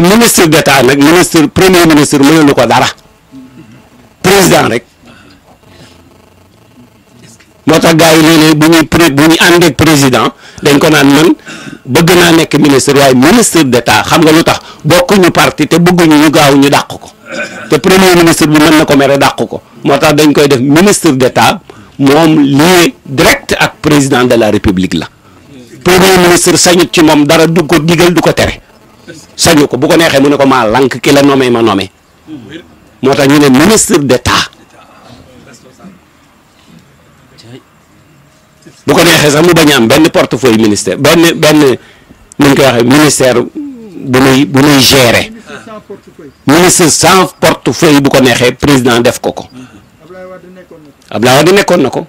waaye ministre d'état nag ministre premier ministre mënalu ko dara président rek moo tax gars yi léeg-léeg bu ñuy pré bu ñuy ànd ak président dañ ko naan man bëgg naa nekk ministre waaye ministre d'état xam nga lu tax bokkuñu parti te bëgguñu ñu gaaw ñu dàq ko te premier ministre bi mën na ko mere dàq ko moo tax dañ koy def ministre d'état moom lié direct ak président de la république la premier ministre sañut ci moom dara du ko digal du ko tere sañu ko bu ko neexee mu ne ko maa lank ki la nommé ma nommé moo tax ñu ne ministre d'état bu ko neexee sax mu bañ am benn portefeuille ministère benn benn nu koy waxee ministère bu muy bu muy gérer ministre sans portefeuille bu ko neexee président def ko ko Abdoulaye Wade nekkoon na ko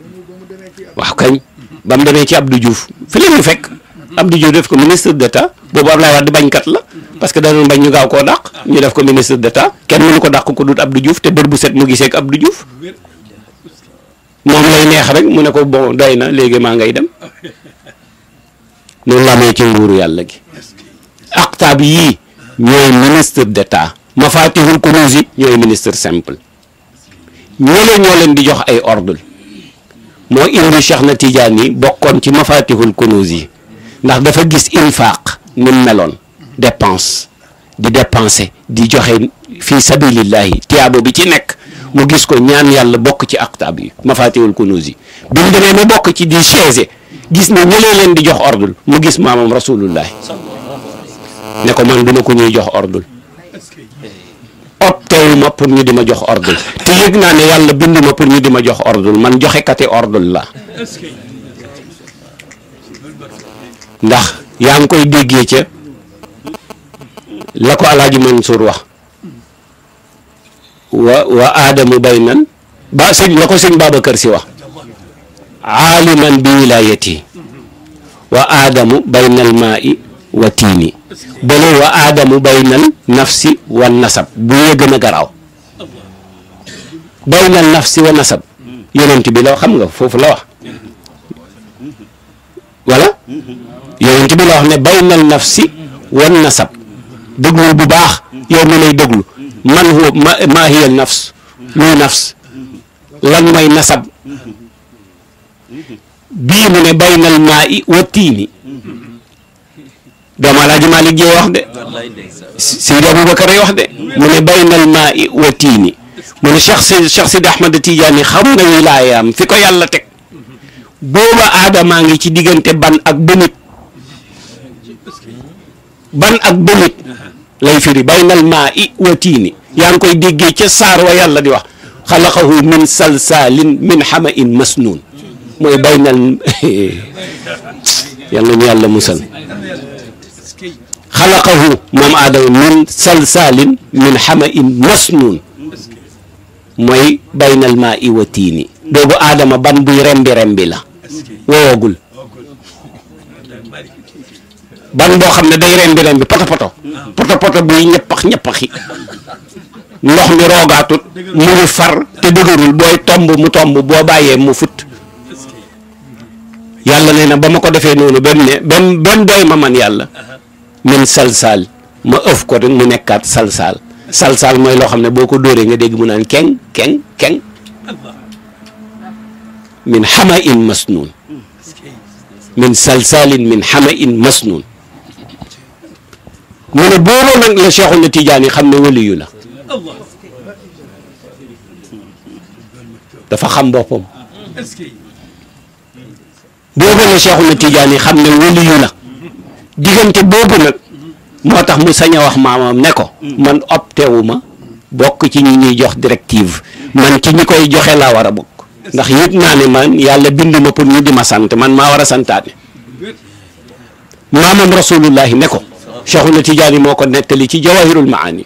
waaw kañ ba mu demee ci Abdou Diouf fi ñu fekk. Abdou Diouf def ko ministre d' am boobu Abdoulaye Wade bañkat la parce que da doon bañ ñu gaaw koo dàq ñu def ko ministre d' kenn kenn nu ko dàq ko dut Abdou Diouf te bër bu set mu gisee ak Abdou Diouf moom lay neex rek mu ne ko bon doy na léegi maa ngay dem noonu la ci nguuru yàlla gi aktaab yii ñooy ministre d' état mafatihul kunuus yi ñooy ministre simple ñoo ñoo leen di jox ay ordre moo indi Cheikh na Tidiane yi bokkoon ci mafatihul kunuus yi ndax dafa gis infaaq ni meloon dépense di dépenser di joxe fii sabilillahi tiyaabo bi ci nekk mu gis ko ñaan yàlla bokk ci aktaab yi mafatihul kunuz yi bi mu bokk ci di chaise gis ne ñëlee leen di jox ordul mu gis maamam rasulullahi ne ko man duma ko ñuy jox ordul optewuma pour ñu di ma jox ordul te yëg naa ne yàlla binduma pour ñu di ma jox ordul man joxekati ordul la ndax yaa ngi koy déggee ca la ko alaaji Mansour wax wa wa aadamu baynan ba sëñ la ko sëñ Babacar si wax aaliman bi wilayati wa aadamu baynal maa'i wa tiini bële wa aadamu baynal nafsi wa nasab bu yee gën a garaaw baynal nafsi wa nasab yonent bi la xam nga foofu la wax voilà yonent bi la wax ne baynal nafsi wan nasab déglu bu baax yow mi lay déglu man huwa ma hiya nafs luy nafs lan mooy nasab bii mu ne baynal maa i wa tiini doomu Alaaji Maalik Jeey wax de Seydi Aboubacar wax de mu ne baynal maa wa tiini mu ne Cheikh si Cheikh Sidi Ahmad xam nga wilaayaam fi ko yàlla teg booba aadamaa ngi ci diggante ban ak ba ban ak bëlit lay firi baynal wa tiini yaa ngi koy déggee ca saar wa yàlla di wax xalaqahu min salsalin min xama in masnuun mooy baynal yàlla musal xalaqahu moom aadama min salsalin min xama wa tiini boobu aadama ban buy rembi rembi la woowagul ban boo xam ne day reen bi reen bi poto poto poto poto buy ñeppax ñeppaxi ndox mi roogaatut mu ngi far te dëgërul booy tomb mu tomb boo bàyyee mu fut yàlla nee na ba ma ko defee noonu ba mu ne ba mu doy ma man yàlla min salsaal ma ëf ko rek mu nekkaat salsaal salsaal mooy loo xam ne boo ko dóoree nga dégg mu naan keng keng keng min xama in masnuun min salsaalin min xama in masnuun mu ne boobu nag la Cheikhu na Tidiane xam ne waliyu la dafa xam boppam boobu la Cheikhu na xam ne waliyu la diggante boobu nag moo tax mu sañ wax maamam ne ko man opté wu ma bokk ci ñi ñuy jox directive man ci ñi koy joxe laa war a bokk ndax yëg naa ne man yàlla bind ma pour ñu di ma sant man maa war a santaane maamam rasulullahi ne ko Cheikhuna Tidiane moo ko nettali ci jawahirul maani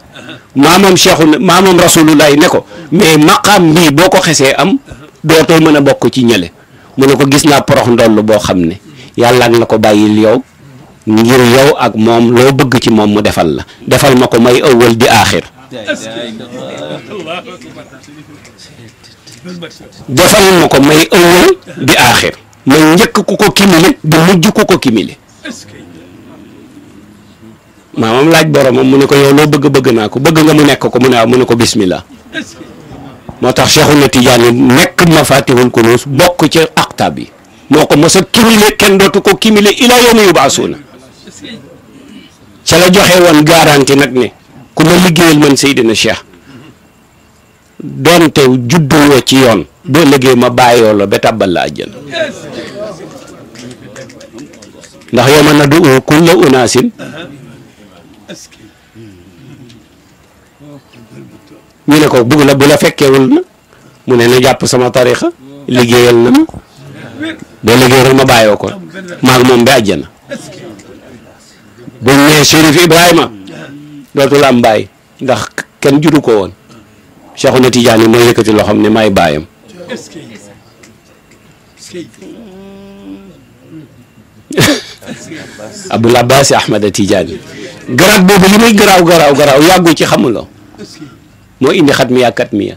maamam Cheikhuna maamam rasulullahi ne ko mais maqaam bii boo ko xesee am dootoo mën a bokk ci ñële mu ne ko gis naa porox ndoll boo xam ne yàlla la ko bàyyil yow ngir yow ak moom loo bëgg ci moom mu defal la defal ma ko may ëwwal di aaxir ko may ëwwal di njëkk ku ko kimile di mujj ku ko kimile maamam laaj boromam mu ne ko yow loo bëgg bëgg naa ko bëgg nga mu nekk ko mu ne waaw mu ne ko bismillah moo tax Cheikhuna Tidiane nekk Mafatihul Kunuz bokk ci aqtab bi moo ko mos a kimile kenn dootu ko kimile ila yawmi yubaasuuna ca la joxe woon garanti nag ni ku ma liggéeyal man Seydina Cheikh doonte judduwoo ci yoon boo liggéey ma bàyyoo la ba tàbbal la àjjana ndax yow ma nadu kulla unaasin ñu ne ko bugg la bu la fekkeewul na mu ne na jàpp sama tarixa liggéeyal na ma boo liggéeyal ma bàyyoo ko maag moom bi àjjana buñ nee Chérif Ibrahima dootul am bàyyi ndax kenn juru ko woon na Cheikhouna yi mooy yëkkati loo xam ne maay bàyyam Abdoul Abbas Ahmada Tidiane garab boobu li garaaw garaaw garaaw yàggu ci moo indi xat mi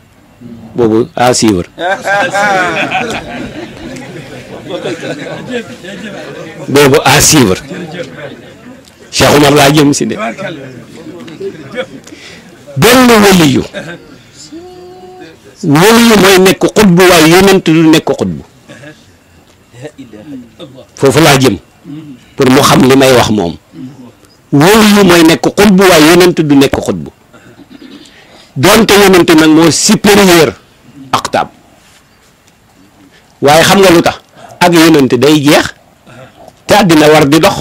boobu à suivre boobu à si de benn waliyu waliyu mooy nekk xutbu waaye yonent du nekk foofu laa jëm pour mu xam li may wax moom wóolu yu mooy nekk xutbu waaye yonent du nekk xutbu donte yonent nag moo supérieur aqtaab waaye xam nga lu tax ak yonent day jeex te àddina war di dox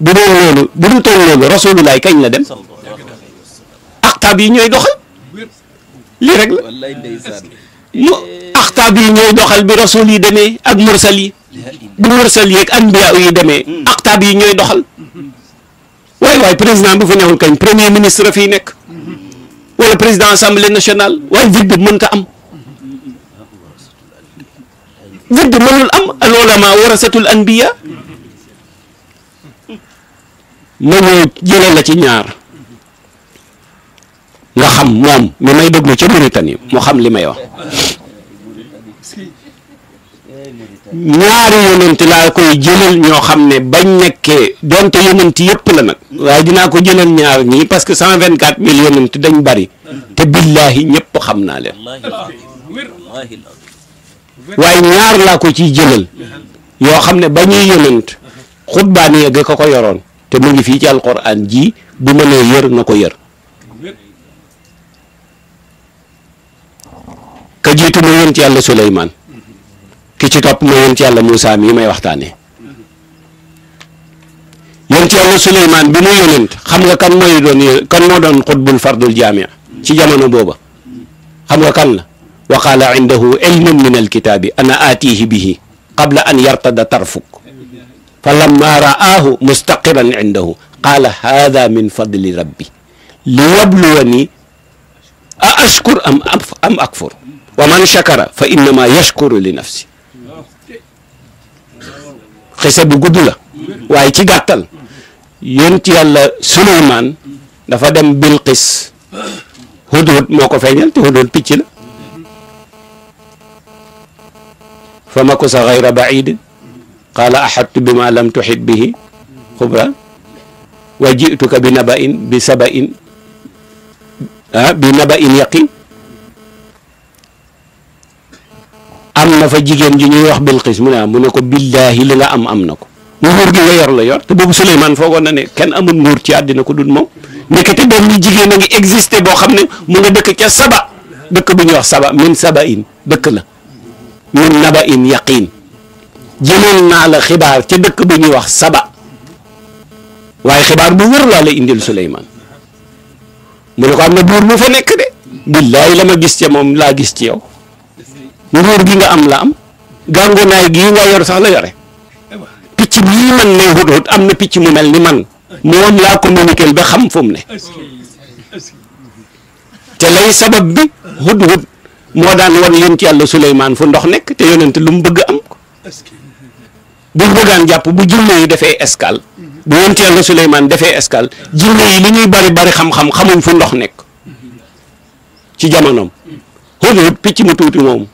bu doon loolu bu du toon loolu rasulullaay kañ la dem aqtaab yi ñooy doxal lii rek la mu aqtaab yi ñooy doxal bi rasul yi demee ak mursal yi bu mursal yeeg anbiya yi demee hmm. aktaab yi ñooy doxal waay waay président bu fi newoon kañ premier ministre fii nekk hmm. wala président assemblée nationale waaye vide bi mënta am vide mënul am al ulama warasatul anbiya ma ñëw jëlee la ci ñaar nga xam moom mi may déglu ca Mauritanie mu xam li may wax ñaari yonent laa koy jëlal ñoo xam ne bañ nekkee donte yonent yëpp la nag waaye dinaa ko jëlal ñaar ñii parce que cent vingt quat mille yonent dañ bari te billaahi ñëpp xam naa leen waaye ñaar laa ko ciy jëlal yoo xam ne ba ñuy yonent xutbaan yegg ko ko yoroon te mu ngi fii ci alquran ji bu mënee yër na ko yër ka jiitu ma yonent yàlla Suleymaan ki ci topp mooy yonent yàlla Moussa mii may waxtaane yonent yàlla Suleymaan bi muy yonent xam nga kan mooy doon kan moo doon xutbul fardul jaami ci jamono booba xam nga kan la wa qaala indahu ilmun min alkitaabi ana aatihi bihi qabla an yartada tarfuk fa lamma ra'aahu mustaqiran indahu qaala haada min fadli rabbi li yabluwani a ashkur am am akfur wa man shakara fa innama yashkuru li nafsi xese bu gudd la waaye ci gàttal yonent yàlla Suleymaan dafa dem Bilqis hudhud moo ko feeñal te hudhud picc la fa makusa gayra baidin qaala ahadtu bima lam tuhit bihi xubra wa jituka bi nabain bi sabain ah, bi nabain yaqin am na fa jigéen ji ñuy wax Bilqis mu ne ah mu ne ko billaahi li nga am am na ko nguur gi nga yor la yor te boobu Souleymane foogoon na ne kenn amul nguur ci àddina ko dul moom ndekete doom ñu jigéen a ngi existé boo xam ne mu nga dëkk ca Saba dëkk bu ñuy wax Saba min Saba in dëkk la min Naba in yaqin jëloon naa la xibaar ca dëkk bu ñuy wax Saba waaye xibaar bu wër laa la indil Souleymane mu ne ko am na buur bu fa nekk de billaahi la ma gis ca moom laa gis ci yow. nguur gi nga am la am gàngunaay gii nga yor sax la yore picc bii man ne hudhud am na picc mu mel ni man moom laa communiqué ba xam fu mu ne te lay sabab bi hudhud moo daan wan yonent yàlla Suleymaan fu ndox nekk te yonent lu mu bëgg am ko bu bëggaan jàpp bu jinne yi defee escale bu yonent yàlla Suleymaan defee escale jinne yi li ñuy bari bari xam-xam xamuñ fu ndox nekk ci jamonoom hudhud picc mu tuuti moomu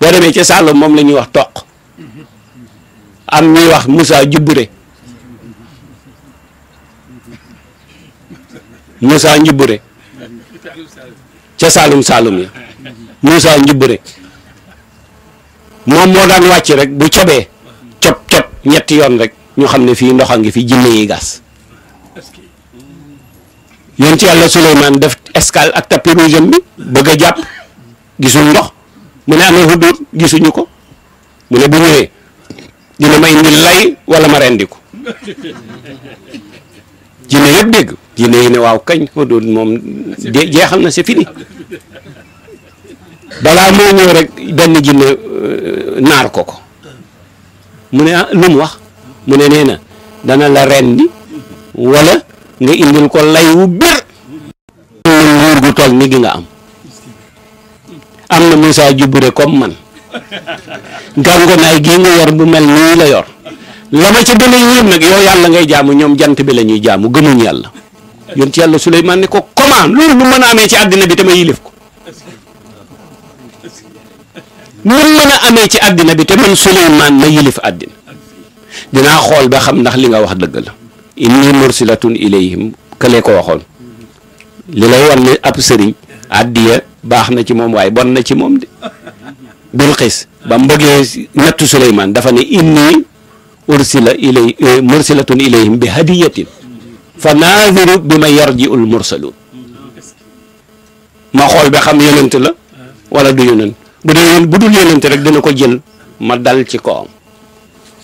boo demee ca Saalum moom la ñuy wax toq am ñuy wax Moussa Jubbure Moussa Njubbure ca Saalum Saalum ya Moussa Njubbure moom moo daan wàcc rek bu cobee cob cob ñetti yoon rek ñu xam ne fii ndox a ngi fi jinne yi gas yoon ci yàlla Suleymaan def escale ak tapis rouge bi bëgg a jàpp gisul ndox mu ne am na gisuñu ko mu ne bu ñëwee dina ma indi lay wala ma rendi ko jinne yëpp dégg jinne yi ne waaw kañ xuddóot moom jeexal na c'est fini balaa moo ñëw rek benn jinne euh, naar ko ko mu ne ah wax mu ne nee na dana la rendi wala nga indil ko lay wu bir nguur gu toll ni gi nga am am na musa Djibouré comme man gàngonaay gii nga yor bu mel nii la yor la ma ca gën a nag yow yàlla ngay jaamu ñoom jant bi la ñuy jaamu gëmuñ yàlla yoon ci yàlla Souleymane ne ko comment loolu bu mën a amee ci àddina bi tama yilif ko amee ci àddina bi te man Souleymane ma yilif àddina dinaa xool ba xam ndax li nga wax dëgg la inni mursilatun ilayhim këlee ko waxoon li lay wan ne ab sëriñ addiya baax na ci moom waaye bon na ci moom de Bilqis ba mu bëggee ñettu Suleymaan dafa ne inni ursila ilay eh, mursilatun ilayhim bi hadiyatin fa naadiru bi ma yarjiul mursalun ma xool ba xam yonent la wala du yonent bu dee bu dul yonent rek dina ko jël ma dal ci kawam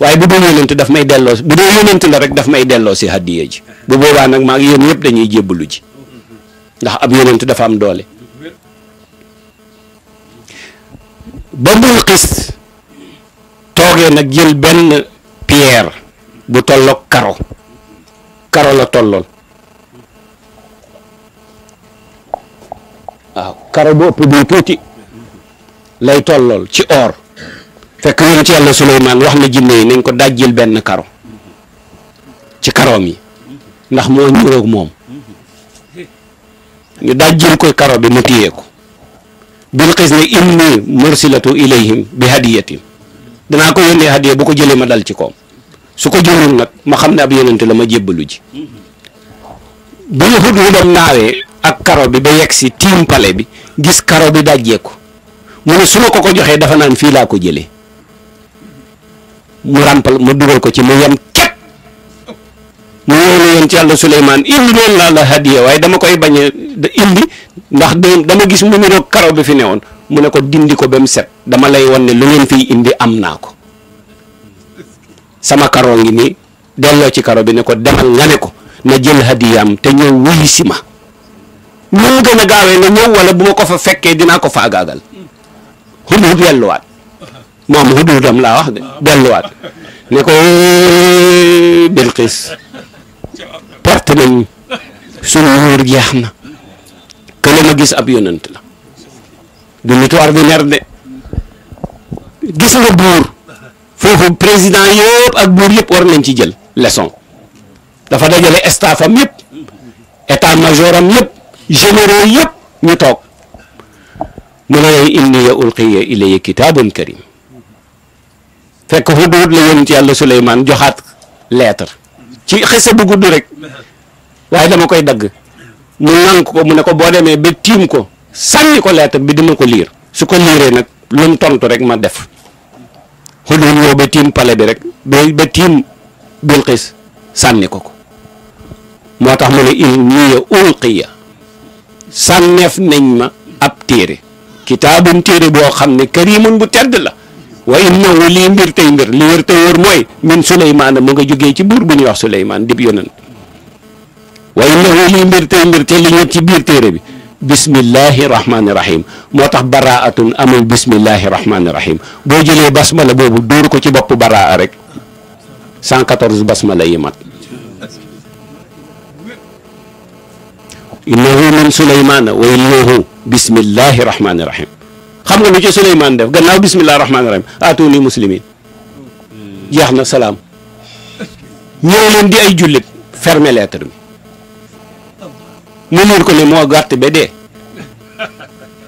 waaye bu dul yonent daf may delloo bu dee yonent la rek daf may delloo si hadiya ji bu boobaa nag maa ngi yéen yëpp dañuy jébbalu ji ndax ab yonent dafa am doole ba bul xis toogee nag jël benn pierre bu tolloog karo karo la tollool waaw karo bu ëpp bi tuuti lay tollool ci or fekk ci yàlla Suleymaan wax na jinne yi nañ ko dajjil benn karo ci karoom yi ndax moo ñuroog moom ñu dajjil koy karo bi mu téyee bilqis ne inni mursilatu ilayhim bi hadiyatin danaa ko yónnee hadiya bu ko jëlee ma dal ci koom su ko jëloon nag ma xam ne ab yonent la ma jébbalu ji bu ñu xut hudam naawee ak karo bi ba yegg si tiim pale bi gis karo bi dajjeeku mu ne su ma ko ko joxee dafa naan fii laa ko jëlee mu ràmpal mu dugal ko ci mu yem mu ñëw yoon ci yàlla Suleymaan indi noonu laa la hadiya waaye dama koy bañ indi ndax dama gis mu niroog karaw bi fi woon mu ne ko dindi ko ba mu set dama lay won ne lu ngeen fiy indi am naa ko sama karo ngi nii delloo ci karo bi ne ko demal nga ne ko na jël hadiyaam te ñëw wuyu si ma nu mu gën a gaawee na ñëw wala bu ma ko fa fekkee dinaa ko faagaagal hudhud delluwaat moom hudhudam laa wax de delluwaat ne ko Bilqis nañ sunu wóor na kële ma gis ab yonant la du nitu ordinaire de gis nga buur foofu président yëpp ak buur yëpp war nañ ci jël leson dafa dajale staff am yëpp état major am yëpp généraux yëpp ñu toog mu ne inni ya ulqiya ilayya kitaabun karim fekk xuduut la yonent yàlla Suleymaan joxaat lettre ci xese bu gudd waaye dama koy dagg mu nank ko mu ne ko boo demee ba tiim ko sànni ko lettre bi dina ko liir su ko liiree nag lu mu tontu rek ma def xulóom ñëw ba rek ba ba tiim sànni ko ko moo tax mu ne il niya ulqiya sànneef nañ ma ab téere kitaabun téere boo xam ne kër yi karimun bu tedd la wa innahu lii mbir tey mbir li te wër mooy min Suleymaana mu nga jógee ci buur bu ñuy wax Suleymaan dib yonent waaye ndax lii mbir tey mbir ci biir téere bi bismillahi rahmaani rahim moo tax baraatun amul bismillahi rahmaani rahim boo jëlee basmala boobu dóor ko ci bopp baraa rek 114 basmala yi mat innahu min suleymaana wa innahu bismillahi rahmaani rahim xam nga lu ci suleymaan def gannaaw bismillahi rahmaani rahim aatuni muslimin jeex na salaam ñëw di ay jullit fermer mu liir ko ne moo gàtt ba dee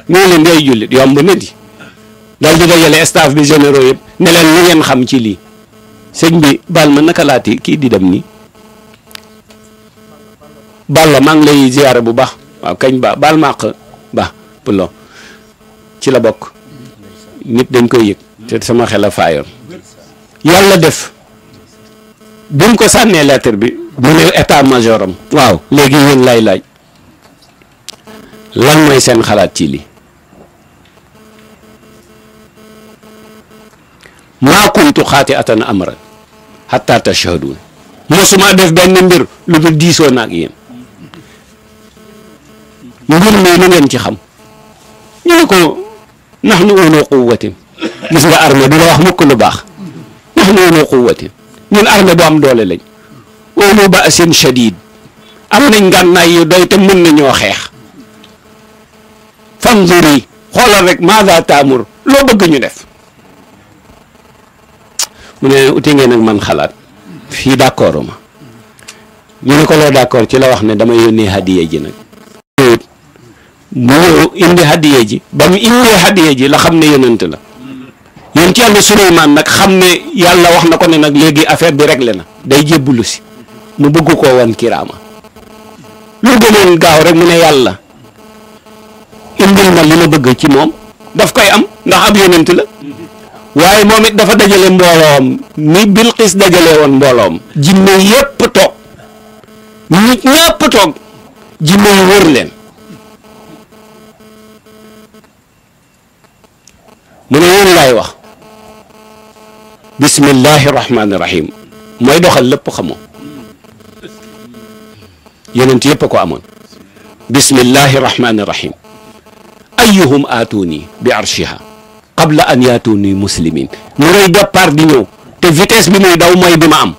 mu ne leen day jullit yomb na di daal di dajale staff bi généraux yëpp ne leen lu ngeen xam ci lii sëñ bi baal ma naka laati kii di dem nii Balla maa ngi lay ziyaare bu baax waaw kañ ba baal ma àq ba pulo ci la bokk nit dañ koy yëg sama xel a faayoon yàlla def bi mu ko sànnee lettre bi mu ne état major am waaw léegi yéen lay laaj lan mooy seen xalaat ci li maa kuntu xaati atan amran hatta tashhadun mosuma def benn mbir lu dul diisoo na ak yéen mbir mi ngeen ci xam ñu ne ko nahnu uluu quwwatin gis nga armée du la wax mukk lu baax nahnu uluu quwwatin ñun armée bu am doole lañ uluu ba'sin shadid am nañ ngànnaay yu doy te mën nañoo xeex fanziri xoolal rek maada taamur loo bëgg ñu def mu ne uti ngeen ak man xalaat fii d'accord ma ñu ne ko loo d'accord ci la wax ne dama yónnee hadiya ji nag mu indi hadiya ji ba mu indee hadiya ji la xam ne yonent la yéen ci yàlla Suleymaan nag xam ne yàlla wax na ko ne nag léegi affaire bi réglé na day jébbalu si mu bugg koo wan kiraama lu gënoon gaaw rek mu ne yàlla indil ma li ma bëgg ci moom daf koy am ndax ab yonent la waaye moom it dafa dajale mbooloom ni Bilqis dajale woon mbooloom jinne yépp toog nit ñépp toog jinne yi leen mu ne yéen laay wax bismillahi rahmaani rahim mooy doxal lépp xamoo yonent yépp a ko amoon bismillahi rahmaani rahim ayyuhum aatuni bi arshiha qabla an yaatuni muslimin mu ngay départ di ñëw te vitesse bi muy daw mooy bi ma am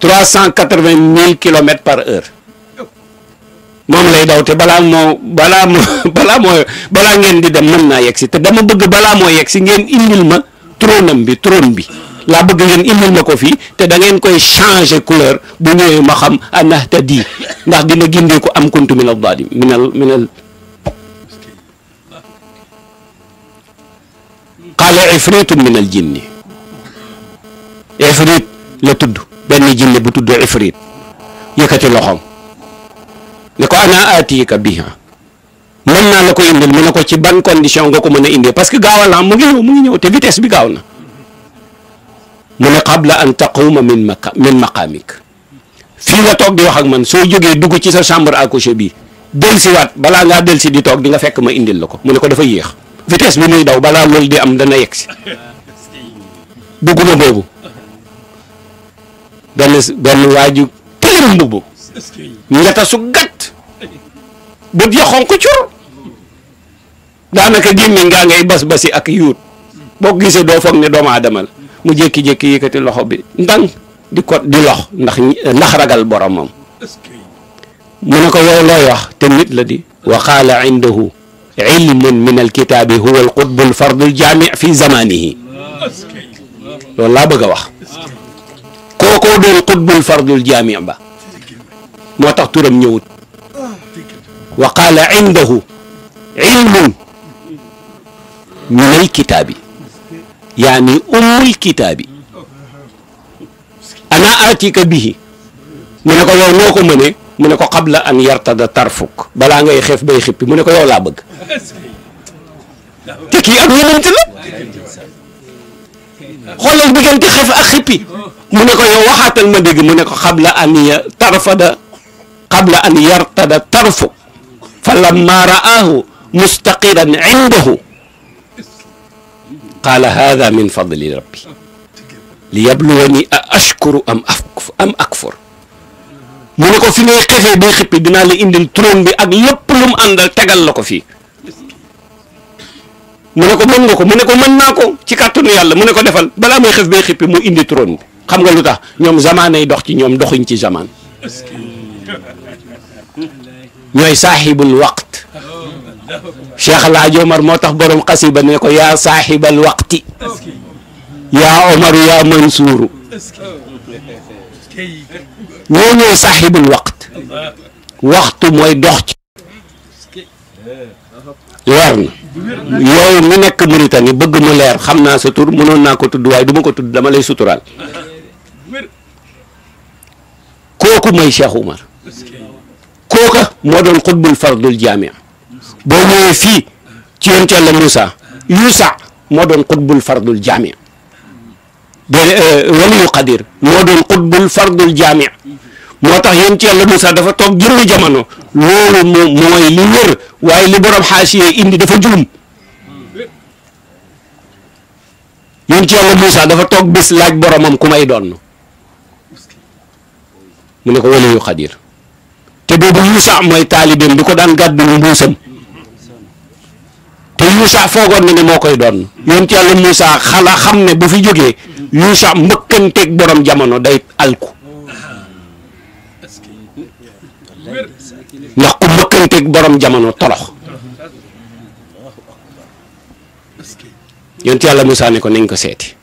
trois cent quatre-vingt mille kilomètres par heure moom lay daw te balaa moo balaa moo balaa moo balaa ngeen di dem mën naa yegg si te dama bëgg balaa moo yegg si ngeen indil ma tronam bi trône bi laa bëgg ngeen indil ma ko fii te da ngeen koy changer couleur bu ñëwee ma xam anahtadi ah, ndax dina gindee ko am kuntu min al dalim min al min al qaala ifritun min al jinni ifrit la tudd benn jinne bu tudd ifrit yëkkati loxoom ne ko ana aatiika biha mën naa la ko indil mu ne ko ci ban condition nga ko mën a indee parce que gaawal naa mu ngi ñëw ñëw te vitesse bi gaaw na mu ne qabla an taquuma min maqa min maqaamik fii nga toog di wax ak man soo jógee dugg ci sa chambre à coucher bi dellusiwaat balaa ngaa dellusi di toog di nga fekk ma indil la ko mu ne ko dafa yéex vitesse bi muy daw balaa loolu di am dana yegg si bëggu na boobu benn benn waa ji mbubb ngeta su gàtt bët ya xonk cur daanaka gémmiñ ngaa ngay bas-basi ak yuut boo gisee doo foog ne doomu aadama la mu jékki-jékki yëkkati loxo bi ndànk di ko di lox ndax ragal boromam mu ne ko yow looy wax te nit la di wa qaala ilmin min alkitaabi huwa alqutbu alfardu aljaami fi zamanihi loolu laa bëgg a wax kookoo doon qutbu alfardu aljaami ba moo tax turam ñëwut wa qaala indahu ilmun min alkitaabi yaani ummul kitaabi ana atika bihi mu ne ko yow noo ko mënee mu ne ko qabla an yartada tarfuk balaa ngay xeef bay xippi mu ne ko yow laa bëgg te kii ak yonent la xoolal diggante xeef ak xippi mu ne ko yow waxaatal ma dégg mu ne ko qabla an ya tarfada qabla an yartada tarfuk fa lamma ra'aahu mustaqiran indahu qaala haada min fadli rabbi li yabluwani a ashkuru am akfur mu ne ko fi ngay xefee bay xippi dinaa la indil trône bi ak lépp lu mu tegal la ko fii mu ne ko mën nga ko mu ne ko mën naa ko ci kàttanu yàlla mu ne ko defal balaa muy xef bay xippi mu indi trône bi xam nga lu tax ñoom zamaanay dox ci ñoom doxuñ ci zamaan ñooy saaxibul waqt Cheikh El Hadj Omar moo tax borom ba ne ko yaa saaxibal waqti yaa Omar yaa Mansuuru ñoo ñooy saaxibul waqt waxtu mooy dox ci leer na yow mi nekk Mauritanie bëgg mu leer xam naa sa tur mënoon naa ko tudd waaye du ma ko tudd dama lay suturaal kooku mooy Cheikh Oumar kooka moo doon xutbul fardul jaami boo ñëwee fii ci yoon Yàlla Moussa Yuusa moo doon xutbul fardul jaami déedéet euh, waliyu xadir moo doon xutbul fardul jaami moo tax yéen ci yàlla Moussa dafa toog juróomi jamono loolu moom mooy li wér waaye li borom xaasiye indi dafa juum yéen ci yàlla Moussa dafa toog bis laaj boromam ku may doon mu ne ko waliyu xadir te boobu Yuusa mooy taalibeem bi ko daan gàddu mbuusam te Yuusa foogoon na ne moo koy doon yéen ci yàlla Moussa xala xam ne bu fi jógee. Yuusa mbëkkanteeg borom jamono day alku ndax ku mbëkkanteeg borom jamono tolox yonent yàlla Musaa ne ko nañ ko seeti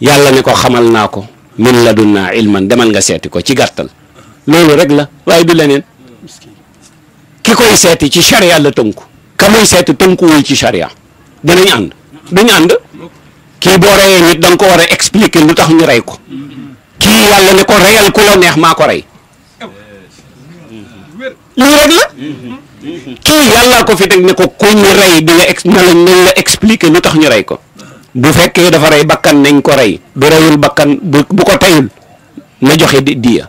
yàlla ne ko xamal naa ko min ladunnaa ilman demal nga seeti ko ci gàttal loolu rek la waaye du leneen ki koy seeti ci charia la tënku ka muy seeti tënkuwul ci charia danañ ànd duñ ànd kii boo reyee nit da ko war a expliquer lu tax ñu rey ko kii yàlla ne ko reyal ku la neex maa ko rey lii rek la kii yàlla ko fi teg ne ko ku rey di ex na expliquer lu tax ñu rey ko bu fekkee dafa rey bakkan nañ ko rey bu reyul bakkan bu ko teyul na joxe diya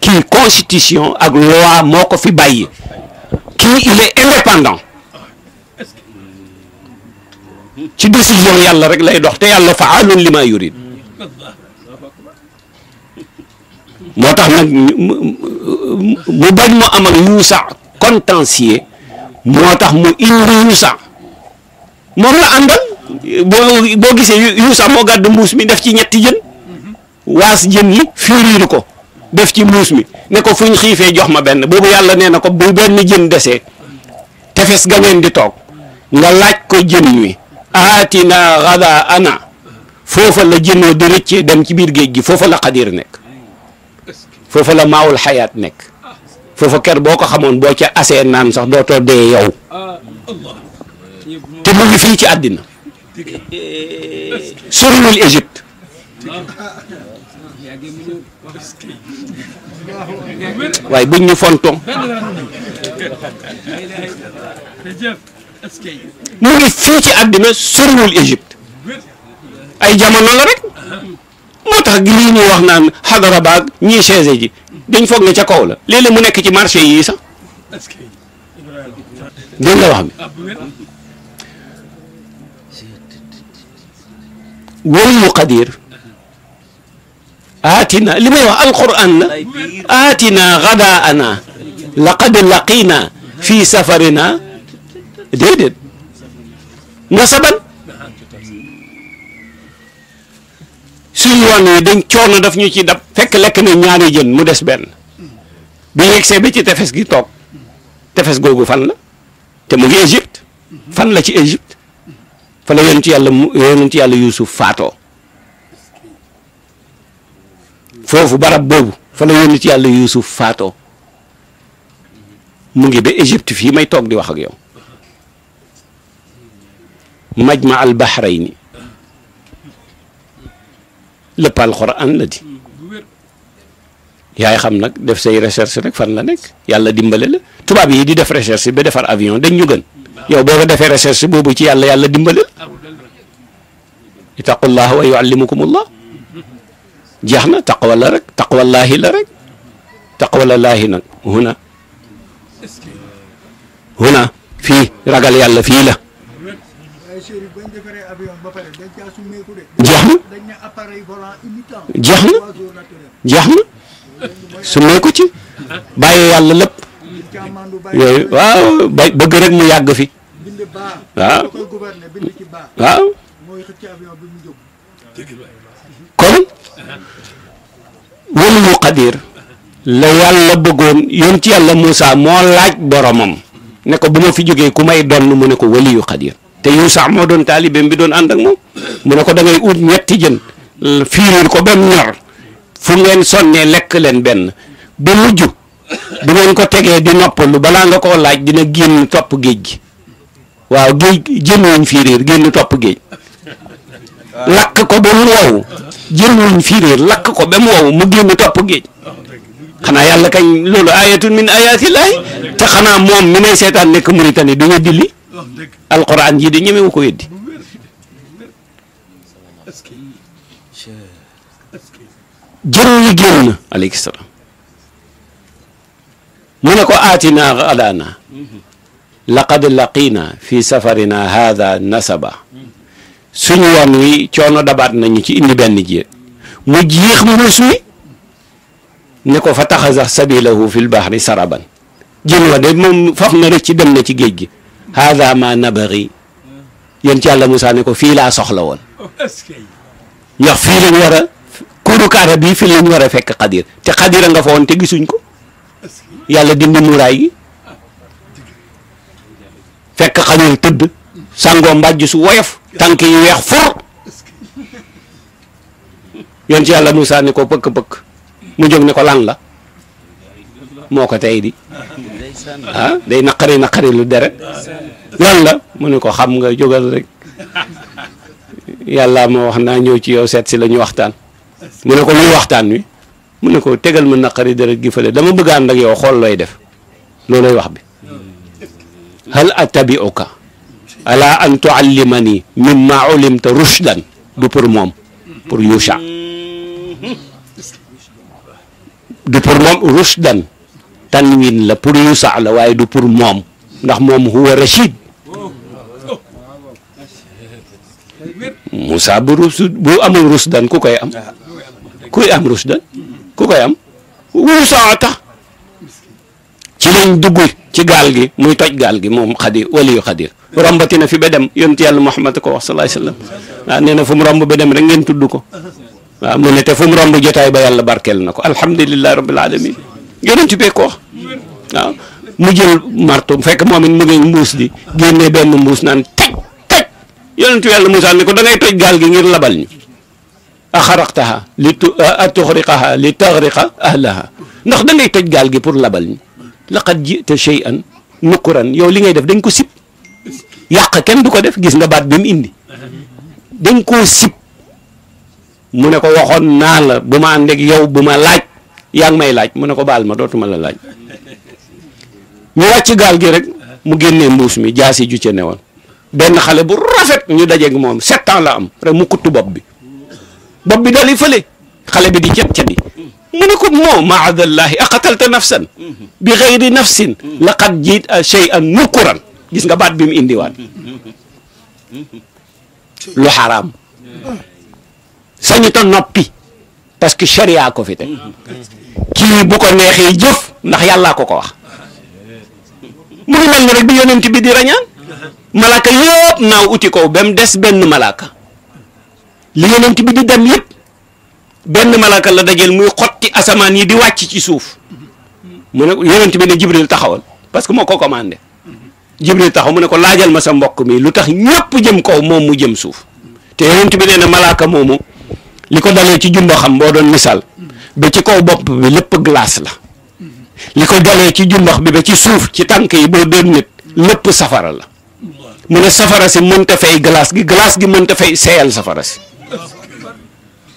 kii constitution ak loi moo ko fi bàyyi kii il indépendant ci décision yàlla rek lay dox te yàlla faalun li maa moo tax nag mu bañ mu am ak Yuusa contentieux moo tax mu indi Yuusa moom la àndal boo boo gisee Yuusa moo gàddu mbuus mi def ci ñetti jën waas jën yi firiir ko def ci mbuus mi ne ko fuñ xiifee jox ma benn boobu yàlla nee na ko bu benn jën desee tefes ga ngeen di toog nga laaj ko jën wi aatina gada ana foofa la jënoo dem ci biir géej gi foofa la xadir nekk foofa la maawul xayaat nekk foofa ker boo ko xamoon boo ca asee naan sax dootoo dee yow te mu ngi fii ci àddina soriwul Égypte mu ngi fii ci àddina soriwul ay jamono la rek moo tax lii ñuy wax naan xadara baag ñii chaise ji dañ foog ne ca kaw la léeg mu nekk ci marché yii sax dégg nga wax bi qadir aatina li may wax alquran la aatina gadaana laqad laqina fi safarina déedéet nasaban suñ yoon yi dañ coono daf ñu ci dab fekk lekk na ñaari jën mu des benn bi yegsee ba ci tefes gi toog tefes googu fan la te mu ngi Égypte fan la ci Égypte fa la yonent yàlla mu yonent yàlla Yuusuf faatoo foofu barab boobu fa la yonent yàlla Yuusuf faatoo mu ngi ba Égypte fii may toog di wax ak yow majma al bahrayni lépp alxuraan la di yaay xam nag def say recherche rek fan la nekk yàlla dimbale la tubaab yi di def recherche ba defar avion dañ ñu gën yow boo ko defee recherche boobu ci yàlla yàlla dimbale la ittaqullaha wa yuallimukumullah jeex na taqwa la rek taqwallaahi la rek taqwallaahi nag huna huna fii ragal yàlla fii la Chérif bañ defaree avion ba pare dañ jeex na jeex na jeex na ci bàyyi yàlla lépp ba bëgg rek mu yàgg fi waaw waaw kon wala mu xadir la yàlla bëggoon yoon ci yàlla Moussa moo laaj boromam ne ko bu ma fi jógee ku may donn mu ne ko waliyu xadir te Yuusa moo doon taalibeem bi doon ànd ak moom mu ne ko da ut ñetti jën fiirir ko ba mu ñor fu ngeen sonnee lekk leen benn ba mujj bu ngeen ko tegee di noppalu balaa nga koo laaj dina génn topp géej gi waaw géej jën wuñ fiirir génn topp géej ko ba mu wow wuñ fiirir lakk ko ba mu wow mu génn topp géej xanaa yàlla kañ loolu ayatun min ayatillahi te xanaa moom mi ne seetaan nekk mu Mauritanie du nga dilli alquran ji di ñemewu ko weddi jëroo yi mu ne ko aatinaa xadaana laqad laqina fi safarina haada nasaba suñu yoon wi coono dabaat nañu ci indi benn jéeg mu jiix mbuus mi ne ko fa taxasa sabilahu fi lbahri saraban jën wa de moom faf na rëcc dem na ci géej gi hada ma nabari yéen ci yàlla Moussa ko fii laa soxla woon ndax fii lañ war a kaara bii fi lañ war fekk xadir te xadir a nga fa woon te gisuñ ko yàlla dindi muraay gi fekk xadir tëdd sangoo mbàjj su woyof tànk yi weex fur yéen ci yàlla Moussa ne ko pëkk-pëkk mu jóg ne ko lan la moo ko tey di ah day naqari naqari lu deret lan la mu ne ko xam nga jógal rek yàlla ma wax naa ñëw ci yow seet si la ñu waxtaan mu ne ko luy waxtaan wi mu ne ko tegal ma naqari deret gi fële dama bëgg ànd ak yow xool looy def loolooy wax bi hal attabi'uka ala an tuallimani mimma ulimta rushdan du pour moom pour Yusha du pour moom rushdan tanwin la pour Yuusa la waaye du pour moom ndax moom huwa rachid Moussa bu rus bu amul rusdan ku koy am kuy am rusdan ku am Yuusa tax ci lañ dugg gaal gi muy toj gaal gi moom xadir waliyu xadir rombati fi ba dem yonent yàlla Muhammad ko wax salaay sallam waaw nee na fu mu romb ba mu ne te fu mu romb jotaay ba na ko alhamdulilah rabbil yonent bee ko wax waaw mu jël marto fekk moom it mu ngi muus di génnee benn mbuus naan teg teg yonentu yàlla Musaa ne ko da ngay toj gaal gi ngir labal ñu a xaraqtaha li tu li taxriqa ahlaha ndax dangay ngay toj gaal gi pour labal la laqad jita shay'an nuquran yow li ngay def dañ ko sib yàq kenn du ko def gis nga baat bi mu indi dañ koo sib mu ne ko waxoon naa la bu ma ànd yow bu ma laaj yaa ngi may laaj mu ne ko baal ma dootuma la laaj ñu wàcc gaal gi rek mu génnee mbuus mi jaasi ju ca newoon benn xale bu rafet ñu dajeeg moom sept ans la am rek mu kuttu bopp bi bopp bi daal di xale bi di cet ceti mu ne ko moo maadallahi aqatalta nafsan bi xayri nafsin laqad jiit shay'an nukuran gis nga baat bi mu indiwaat lu xaraam sañu ta noppi parce que charia ko fi teg kii bu ko neexee jëf ndax yàllaa ko ko wax mu ngi mel ni rek bi yonent bi di rañaan malaaka yëpp naaw uti ko ba mu des benn malaaka li yonent bi di dem yëpp benn malaaka la dajeel muy xotti asamaan yi di wàcc ci suuf mu ne yonent bi ne Jibril taxawal parce que moo ko commandé Jibril taxaw mu ne ko laajal ma sa mbokk mii lu tax ñëpp jëm kaw moom mu jëm suuf te yonent bi nee na malaaka moomu li ko dalee ci jundo xam boo doon misaal ba ci kaw bopp bi lépp glace la li ko dalee ci jundox bi ba ci suuf ci tànk yi boo doon nit lépp safara la mu ne safara si mënta fay glace gi glace gi mënta fay seeyal safara si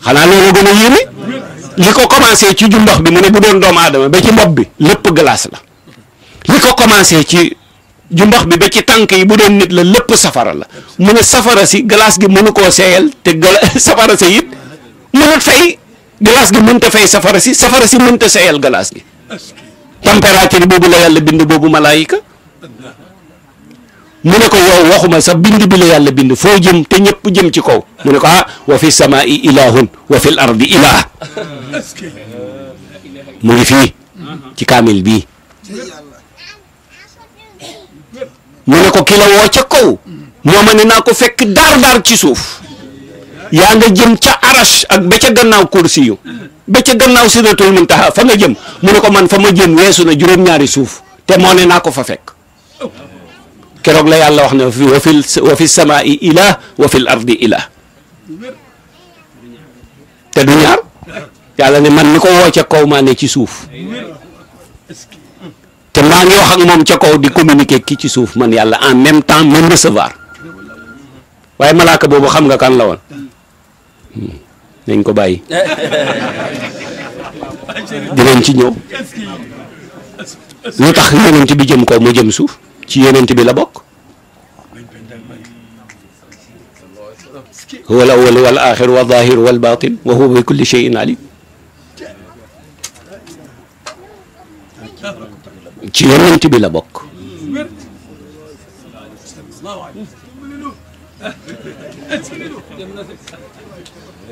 xanaa loolu gën a yéeme ko commencé ci jundox bi mu ne bu doon doomu ci mbopp bi lépp glace la li ko commencé ci jundox bi ba ci tànk yi bu doon nit la lépp safara la mu ne safara si glace gi mënu koo seeyal te safara si it mënut fay glace gi mënut a fay safara si safara si mënut a seeyal glace gi température boobu la yàlla bind boobu malaayika mu ne ko yow waxuma sa bind bi la yàlla bind foo jëm te ñëpp jëm ci kaw mu ne ko ah wa fi ilaahun wa ilaah mu ngi fii ci kaamil bii mu ne ko ki la woo ca kaw moo naa ko fekk daar daar ci suuf yaa nga jëm ca arash ak ba ca gannaaw kursi yu ba ca gannaaw sidratul muntaha fa nga jëm mu ne ko man fa ma jëm weesu na juróom-ñaari suuf te moo ne naa ko fa fekk keroog la yàlla wax ne wa fi wa fi samaai ilah wa fil yàlla ne man ni ko woo ca kaw maa ne ci suuf te maa ngi wax ak moom ca kaw di communiquer ki ci suuf man yàlla en même temps même recevoir waaye malaaka boobu xam nga kan la nañ ko bàyyi dinañ ci ñëw lu tax yonent bi jëm kaw mu jëm suuf ci yonent bi la bokk huwa al awwal wal aaxir wa zaahir wal baatin wa huwa bi kulli shay'in alim ci yonent bi la bokk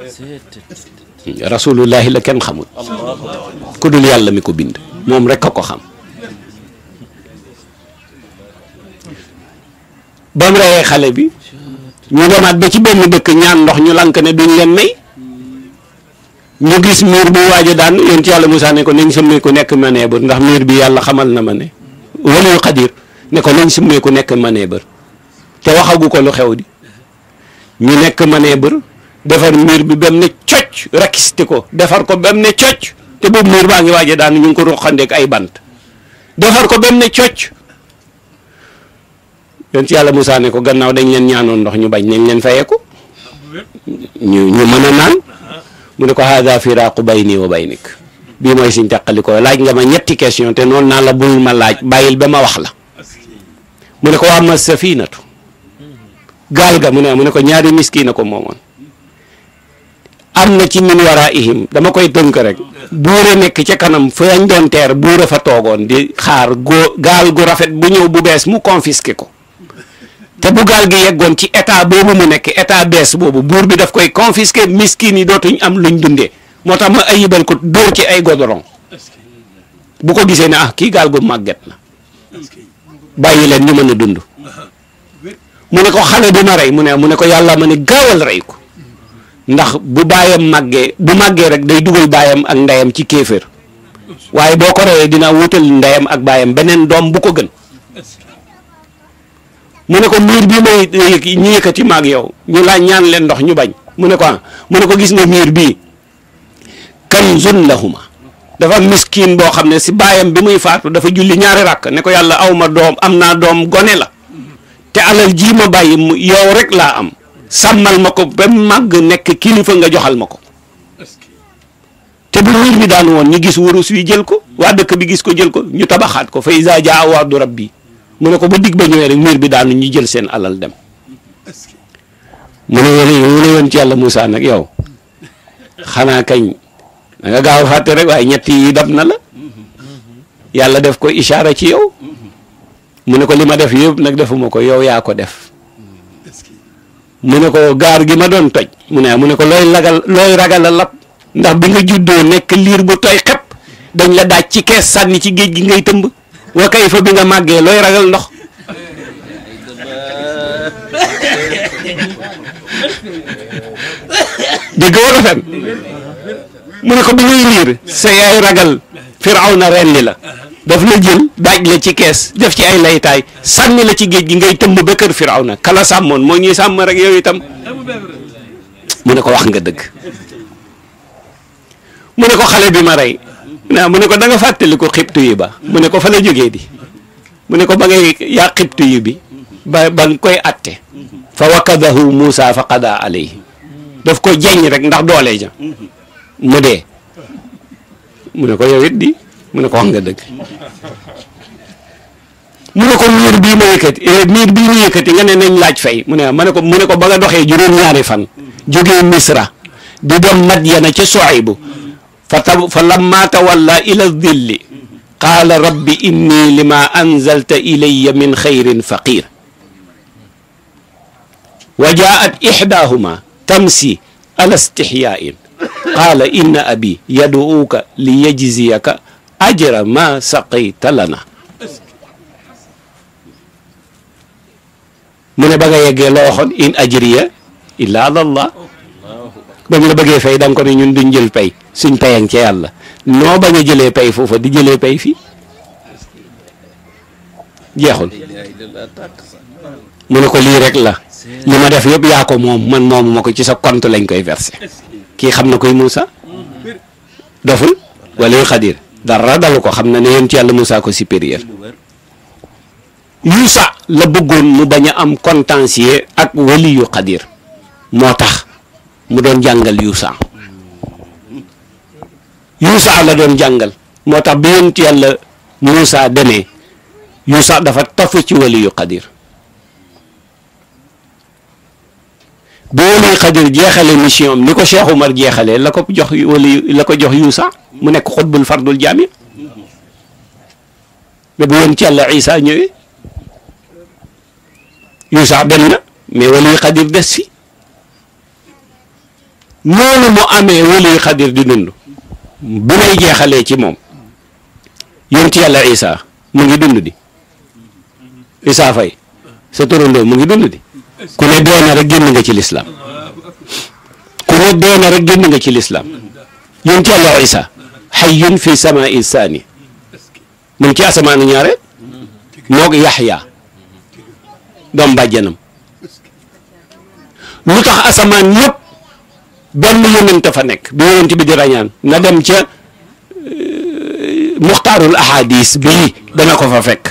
rasulullahi la kenn xamul ku dul yàlla mi ko bind moom rek a ko xam ba reyee xale bi ñu demaat ba ci benn dëkk ñaan ndox ñu lank ne duñ leen may ñu gis miir bu waaj a daan yonent yàlla Moussa ko nañ sëmmee ku nekk mënee ndax miir bi yàlla xamal na ma ne walul xadir ne ko nañ sëmmee ku nekk mënee te waxagu ko lu xew di ñu nekk mënee defar miir bi ba mu ne cocc rakiste ko defar ko ba mu ne cocc te boobu miir baa ngi waaje daan ñu ngi ko ruqandeeg ay bant defar ko ba mu ne cocc yàlla Moussa ne ko gannaaw dañ leen ñaanoon ndox ñu bañ nañ leen fayeeku ñu ñu mën a naan mu ne ko haada firaaqu bayni wa baynik bii mooy suñ taqali ko laaj nga ma ñetti question te noonu naa la bul ma laaj bàyyil ba ma wax la mu ne ko waa ma safinatu gaal ga mu ne mu ne ko ñaari miskina ko moomoon am na ci min waraihim dama koy tënk rek buur a nekk ca kanam fa añ doon teer buur a fa toogoon di xaar goo gaal gu rafet bu ñëw bu bees mu confisqué ko te bu gaal gi yeggoon ci état boobu mu nekk état bees boobu buur bi daf koy confisqué miskin yi dootuñ am lu ñu dundee moo tax ma ayibal ko dóor ci ay godoron bu ko gisee ne ah kii gaal gu màgget na bàyyi leen ñu mën a dund mu ne ko xale dina rey mu ne mu ne ko yàlla ma ne gaawal rey ndax bu baayam màggee bu màggee rek day dugal baayam ak ndeyam ci kéeféer waaye boo ko reyee dina wutal ndeyam ak baayam beneen doom bu ko gën mu ne ko miir bi may ñu yëkkati maag yow ñu laa ñaan leen ndox ñu bañ mu ne ko ah mu ne ko gis ne miir bii kanzun lahuma dafa miskin boo xam ne si baayam bi muy faatu dafa julli ñaari ràkk ne ko yàlla awma doom am naa doom gone la te alal jii ma bàyyi yow rek laa am sàmmal ma ko ba màgg nekk kilifa nga joxal ma ko te bu wër mi daan woon ñu gis wurus wi jël ko waa dëkk bi gis ko jël ko ñu tabaxaat ko fa iza jaa wa'du rabbi mu ne ko ba digg ba ñëwee rek miir bi daanu ñu jël seen alal dem mu ne woon ci yàlla Moussa nag yow xanaa kañ da gaaw fàtte rek waaye ñett yi dab na la yàlla def ko ishaara ci yow mu ne ko li ma def yëpp nag defuma ko yow yaa ko def mu ne ko gaar gi ma doon toj mu ne mu ne ko looy lagal looy ragal a lab ndax bi nga juddoo nekk liir bu tooy xepp dañ la daaj ci kees sànni ci géej gi ngay tëmb wa kay fa bi nga màggee looy ragal ndox dégg wala fen mu ne ko bi ngay liir sa yaay ragal firawna rendi la uh-huh. daf la jël daaj la ci kees def ci ay laytaay sànni la ci géej gi ngay tëmb ba kër firawna kala sàmmoon moo ñuy sàmm rek yow itam mu ne ko wax nga dëgg mu ne ko xale bi ma rey naa mu ne ko da nga fàttali ko xibtu yi ba mu ne ko fa la jógee di mu ne ko ba ngay yaa xibtu yi bi ba ba nga koy atte fa wakadahu Moussa fa qadaa alayhi daf ko jeñ rek ndax doole ja mm-hmm. mu dee mu ne ko yow it di mu ne ko wax nga dëgg mu ne ko miir bii ma yëkkati miir eh, bii ma yëkkati nga ne nañ laaj fay mu ne ma ne ko mu ne ko ba nga doxee juróom-ñaari fan jógee Misra di dem Madyana ca Suaybu fa tab fa lamma tawalla ila dilli qaala rabbi inni lima anzalta ilayya min xayrin faqir wa jaat ixdaahuma tamsi ala istixyaain qaala inna abi yaduuka li yajziyaka ajra ma saqayta lana mu ne ba nga yeggee la waxoon in ajriya illa ala allah ba la bëggee fay da ko ne ñun duñ jël pay suñ payang ca yàlla noo bañ a jëlee pay foofa di jëlee pay fii jeexul mu ne ko lii rek la li ma def yëpp yaa ko moom man moomu ko ci sa compte lañ koy versé kii xam na koy Moussa doful wala yu xadir dara dalu ko xam na ne yonent yàlla Moussa ko supérieur Yuusa la bëggoon mu bañ a am contentieux ak wali yu xadir moo tax mu doon jàngal Yuusa Yuusa la doon jàngal moo tax bi yonent yàlla Moussa demee Yuusa dafa tafu ci wali yu xadir bu waliyu xadir jeexalee mission am ni ko Cheikh Umar jeexalee la ko jox waliyu la ko jox Yuusa mu nekk xutbul fardul jaami mais bu woon ci Yàlla Isa ñëwee Yuusa dem na mais waliyu xadir des si noonu mu amee waliyu xadir di dund bu ci moom yonent Yàlla Isa mu ngi dund di Isa Fay sa torondoo mu ngi dund di ku ne dee na rek génn nga ci lislaam ku ne dee na rek génn nga ci lislaam yéen ci àllah isa xayyun fi samaai saani mu ngi ci asamaanu ñaare moog yaxya doom bàjjanam lu tax asamaan yëpp benn fa nekk bi yonent bi di rañaan na dem ca eh, muxtaarul ahadis da dana ko fa fekk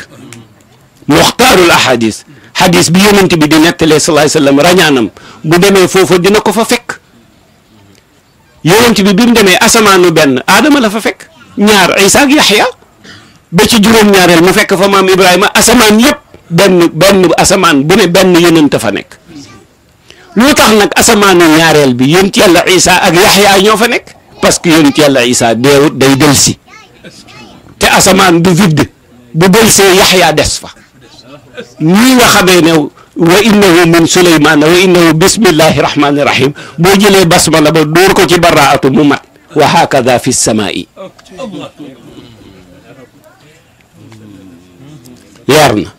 muxtaarul ahadis xadis bi yonent bi di nettalee salaay sallam rañaanam bu demee foofa dina ko fa fekk yonent bi bi mu demee asamaanu benn aadama la fa fekk ñaar Isa ak Yaxya ba ci juróom-ñaareel mu fekk fa maam Ibrahima asamaan yëpp benn benn asamaan bu ne benn yonent fa nekk lu tax nag asamaanu ñaareel bi yonent yàlla Isa ak Yaxya ñoo fa nekk parce que yonent yàlla Isa deewut day delsi te asamaan bu vide bu delsee Yaxya des fa. nii nga xamee ne wa innahu min suleymaana wa innahu bismillahi rahmaani rahim boo jëlee la ba dóor ko ci baraatu mu mat wa hakada fi samaa'i leer na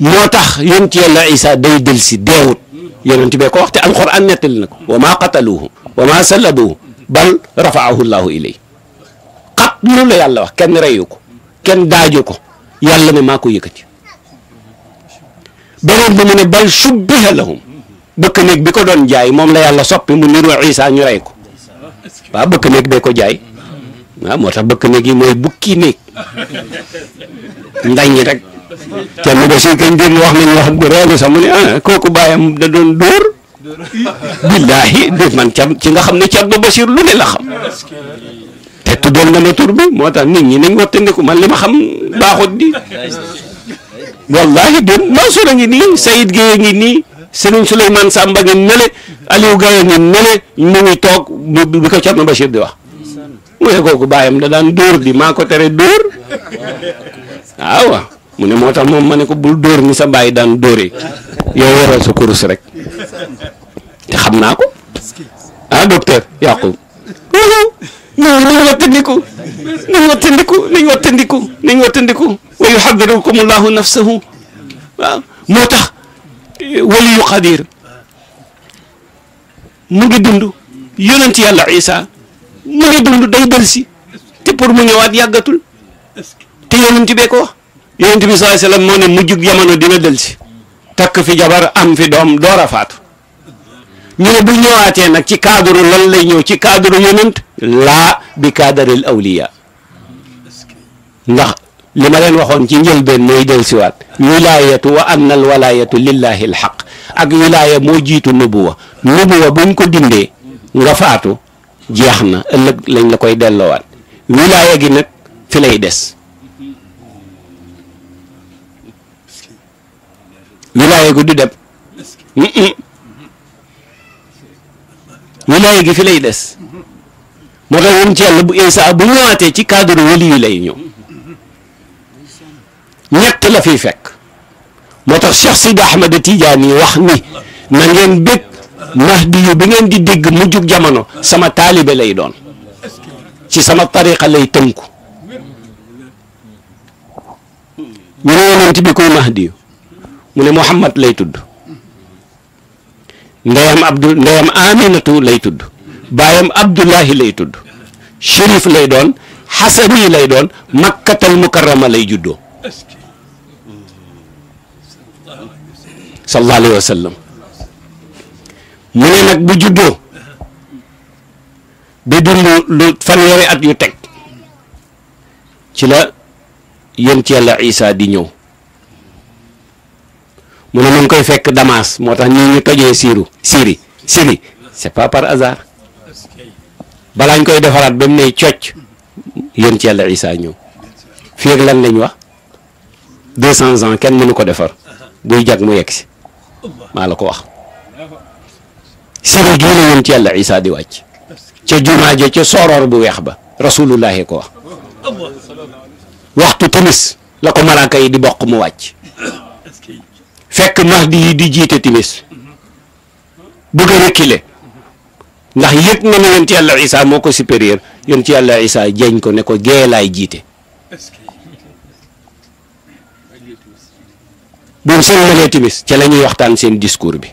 moo tax yonent yàlla Isa day del si deewut yonent bee ko wax te alxuraan nettali na ko wa maa qataluuhu wa maa sallabuuhu bal rafaahu llahu ilay xat la yàlla wax kenn reyu ko kenn daaju ko yàlla ne maa ko yëkkati beneen bi mu ne bal shubbiha lahum bëkk néeg bi ko doon jaay moom la yàlla soppi mu niru Isa ñu rey ko waa bëkk néeg bee ko jaay waaw moo tax bëkk néeg yi mooy bukki néeg ndañ rek kenn ba si kañ démb wax nañ wax bu reegu sax mu ne ah, kooku bàyyam da doon dóor billaahi dé man ca ci nga xam ne Cerno Basiir lu ne la xam te tuddoon na ma tur moo tax nit ñi nañ wattandiku man li ma xam baaxut di wallahi déet Mansour a ngi nii Sayid Gueye a ngi nii Serigne Souleymane Samba ngi nele Aliou Gaye a ngi nele mu ngi toog bi ko Thierno Bachir di wax mu ne kooku bàyyam da daan dóor di maa ko tere dóor waaw mu ne moo tax moom ma ne ko bul dóor ni sa bàyyi daan dóoree yow waral sa kurus rek te xam naa ko ah docteur Yacoub waaw ñoo ngi la tëggiku nañ wattandiku nañ wattandiku nañ wattandiku wa yuhadirukum allahu nafsahu waaw moo tax eh, waliyu xadir mu ngi dund yonent yàlla isa mu ngi dund day dalsi si te pour mu ñëwaat yàggatul te yonent bee ko wax yonent bi saai sallam moo ne mu jug jamono dina del si takk fi jabar am fi doom door a faatu ñu ne bu ñëwaatee nag ci cadre lan lay ñëw ci cadre yonent laa bi cadre l ndax li ma leen waxoon ci njëlbeen mooy dellusiwaat wilaayatu wa anna al walaayatu lillahi al xaq ak wilaaya moo jiitu nubuwa nubuwa buñ ko dindee nga faatu jeex na ëllëg lañ la koy delloowaat wilaaya gi nag fi lay des wilaaya gi du dem wilaaya gi fi lay des moo tax yoon ci yàlla bu Isaa bu ñëwaatee ci cadre wali lay ñëw ñett la fiy fekk moo tax Cheikh Sidi Ahmed Tidiane wax ni na ngeen bég bi ngeen di dégg mujjug jamono sama taalibe lay doon ci sama tariqa lay tënku ñu ne yonent bi koy mahdi mu ne Muhammad lay tudd ndeyam lay tudd baayam Abdullahi lay tudd Chérif lay doon Xasani lay doon Makkatal Mukarrama lay juddoo. sallallahu alayhi wa sallam mu ne nag bu juddoo ba dund lu fanweeri at yu teg ci la yonent yàlla Isaa di ñëw mu ne mu koy fekk Damas moo tax ñi ñu tojee siiru siiri siiri c'est pas par hasard balaa ñu koy defaraat ba mu ne cocc yonent yàlla Isaa ñëw fi ak lan lañ wax deux cents ans kenn mënu ko defar buy jag mu yegg si maa la ko wax siré gii la yoon ci yàlla isa di wàcc ca jumaa ja ca sooroor bu weex ba rasulullahi ko wax waxtu timis la ko malaaka yi di boq mu wàcc fekk mahdi yi di jiite timis bëgg a reculer ndax yëg na ne yoon ci yàlla isa moo ko supérieur yoon ci yàlla isa jeñ ko ne ko gee laay jiite buñ sëlmalee timis ca la ñuy waxtaan seen discours bi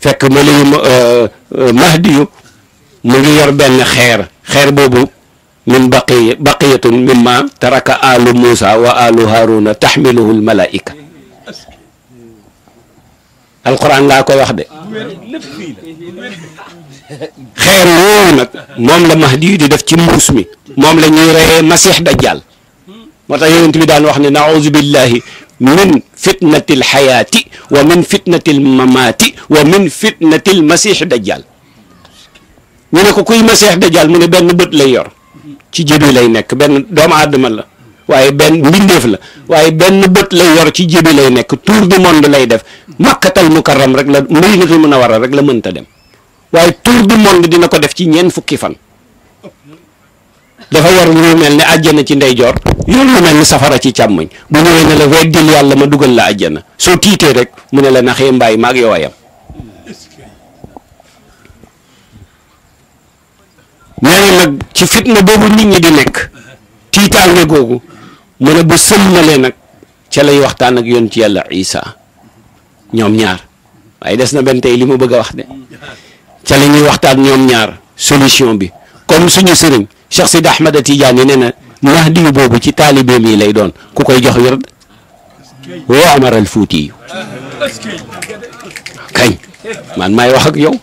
fekk ma liyu euh, euh, mahdi yu mu ngi yor benn xeer xeer boobu min baqiya baqiyatun mimma taraka alu Musa wa alu Haruna taxmiluhu almalaika alquran laa ko wax de xeer woowu nag moom la mahdi yu di def ci mbuus mi moom la ñuy reyee masix dajjal moo tax yonent wax ne nauzu billahi min fitnati alxayaati wa min fitnati almamaati wa min fitnati almasiix dajjal ñu ne ko kuy masiix dajjal mu ne benn bët lay yor ci jibi lay nekk benn doomu aadama la waaye benn mbindeef la waaye benn bët lay yor ci jibi lay nekk tour du monde lay def makkatal mukarram rek la madinatul munawwara rek la mënta dem waaye tour du monde dina ko def ci ñeent fukki fan dafa war lu mel ne àjjana ci ndeyjoor yor mel ni safara ci càmmoñ bu ñëwee ne la weddil yàlla ma dugal la àjjana soo tiitee rek mu ne la naxee mbaay maag yooyam nee na nag ci fitna boobu nit ñi di nekk tiitaange googu mu ne ba sëlmalee nag ca lay waxtaan ak yoon ci yàlla Isa ñoom ñaar waaye des na benn tey li mu bëgg a wax de ca la ñuy waxtaan ñoom ñaar solution bi comme suñu sëriñ Cheikh Sidi Ahmed Tidiane nee na mahdi yu boobu ci taalibeem yi lay doon ku koy jox wird woo Omar al Fuuti yu kañ man maay wax ak yow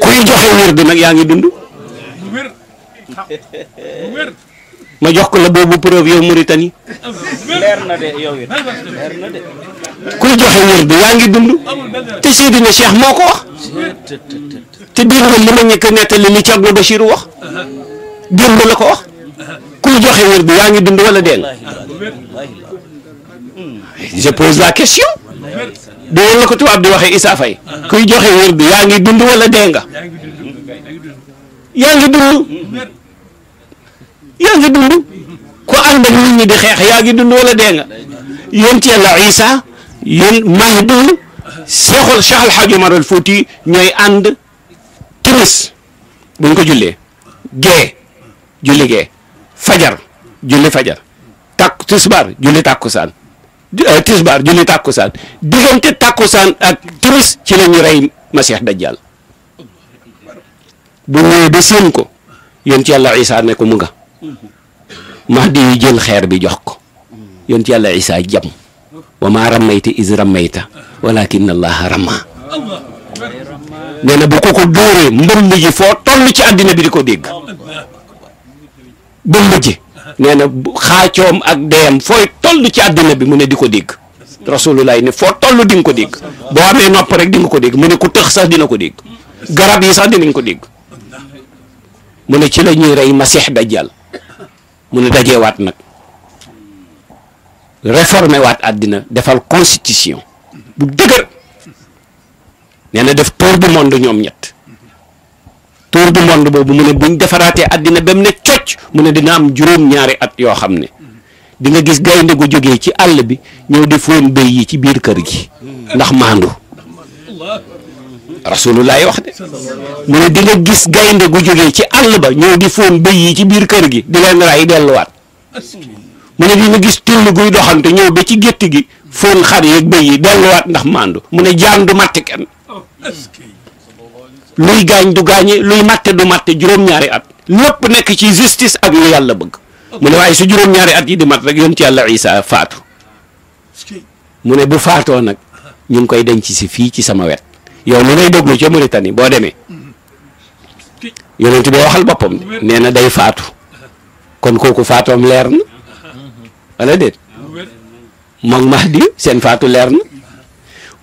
kuy joxe wird nag yaa ngi dund ma jox ko la boobu preuve yow Mauritanie leer na de yow it leer na de kuy joxe wird yaa ngi dund te Seydina Cheikh moo ko wax te démb li ma ñëkk a nettali li Thierno Bachir wax démb ko wax kuy joxe wér yaa ngi dund wala dee nga yaa ngi dund yaa ngi dund yaa ngi dund ku ñi di xeex yaa ngi dund wala dee nga yonent Yàlla Issa yéen Mahdi seexul Cheikh Al Hadj Omar ñooy ànd timis buñ ko jullee gee julli gee fajar julli fajar takku tisbaar julli tàkkusaan euh, tisbaar julli tàkkusaan diggante tàkkusaan ak timis ci lañuy rey masiix dajjal bu ñëwee ba ko yoon ci yàlla Isaa ne ko mu nga mahdi yi jël xeer bi jox ko yéen ci yàlla Isaa jam wa maa ramayta is ramayta walakin allaha rama nee na bu ko ko dóoree mbëmm foo toll ci àddina bi di ko dégg mbëmm ji nee na xaacoom ak deyam foo toll ci àddina bi mu ne di ko dégg rasulullah ne foo toll di ko dégg boo amee nopp rek di ko dégg mu ne ku tëx sax dina ko dégg garab yi sax dinañ ko dégg mu ne ci la ñuy rey masiix dajjal mu ne dajeewaat nag réformé waat àddina defal constitution bu dëgër nee na def tour du monde ñoom ñett tour du monde boobu mu ne buñ defaraatee àddina ba mu ne cocc mu ne dina am juróom-ñaari at yoo xam ne di nga gis gaynde gu jógee ci àll bi ñëw di foon béy yi ci biir kër gi ndax maandu rasulullaay wax de mu di nga gis gaynde gu jógee ci àll ba ñëw di foon béy yi ci biir kër gi di leen ray delluwaat mu ne dina gis till guy doxante ñëw ba ci gétt gi foon xar yeeg bëy yi delluwaat ndax màndu mu ne jaan du màtte kenn luy gaañ du gaañe luy màtte du màtte juróom-ñaari at lépp nekk ci justice ak lu yàlla bëgg mu ne waaye su juróom-ñaari at yi di mat rek yonent yàlla Isaa faatu mu ne bu faatoo nag ñu ngi koy denc si fii ci sama wet yow li ngay déglu ca Mauritanie boo demee yonent bi waxal boppam de nee na day faatu kon kooku faatoom leer na wala déet moom Mahdi seen faatu leer na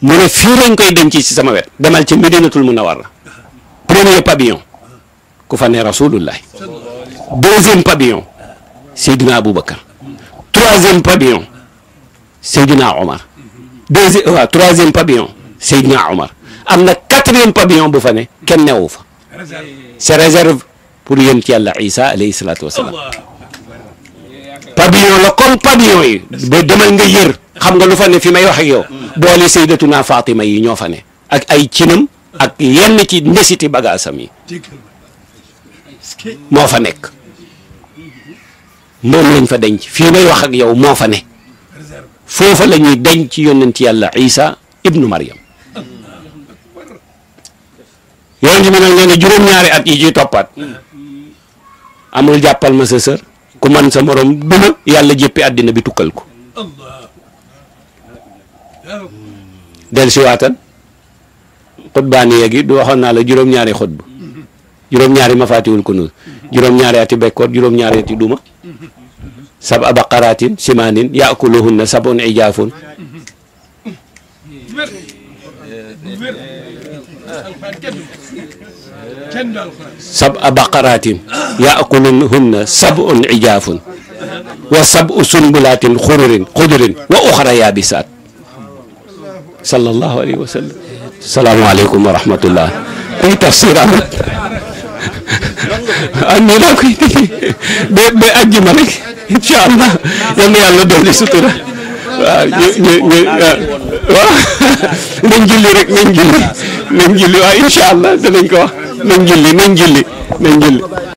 mu ne fii lañ koy denc ci sama wet demal ci Medinatul Munawwara premier pavillon ku fa ne rasulullah deuxième pavillon Seydina Aboubacar troisième pavillon Seydina Omar deuxième euh, waaw troisième pavillon Seydina Omar am na quatrième pavillon bu fa ne kenn newu fa c'est réserve pour yéen ci yàlla Isa alayhi salaatu wasalaam pavillon la comme pavillon yi ba demal nga yër ah. xam nga lu fa ne fi may wax ak yow hmm. boole sayyidatuna Fatima yi ñoo fa ne ak ay cinam ak yenn ci ndesiti bagaasam yi moo fa nekk moom lañ fa denc fii may wax ak yow moo fa ne foofa lañuy ñuy denc yonent yàlla Isa ibnu Maryam yonent bi nag nee na juróom-ñaari at yi ciy toppaat hmm. amul jàppal ma sa ku man sa morom duma yàlla jéppi àddina bi tukkal ko del siwaatal xutbaaniya gi du waxoon naa la juróom-ñaari xutba juróom-ñaari mafaatiwul kunuus juróom-ñaari ati bekkoor juróom-ñaari ati duma sab a baqaraatin simaanin yaakuluhunna sabun ijaafun sab'a baqaraatin ya'kuluhunna sab'un ijaafun wa sab'u sunbulaatin xururin xudurin wa uxra yaabisaat sallallahu alayhi wa sallam. salaamaaleykum wa rahmatullah. ay tafsir am ah nii laa koy tëjee ba ba àjjuma rek incha allah yal na yàlla dolli sutura waaw ñu ñu ñu waaw nañ julli rek nañ julli nañ julli waaw incha allah danañ ko wax. nañ julli nañ julli nañ julli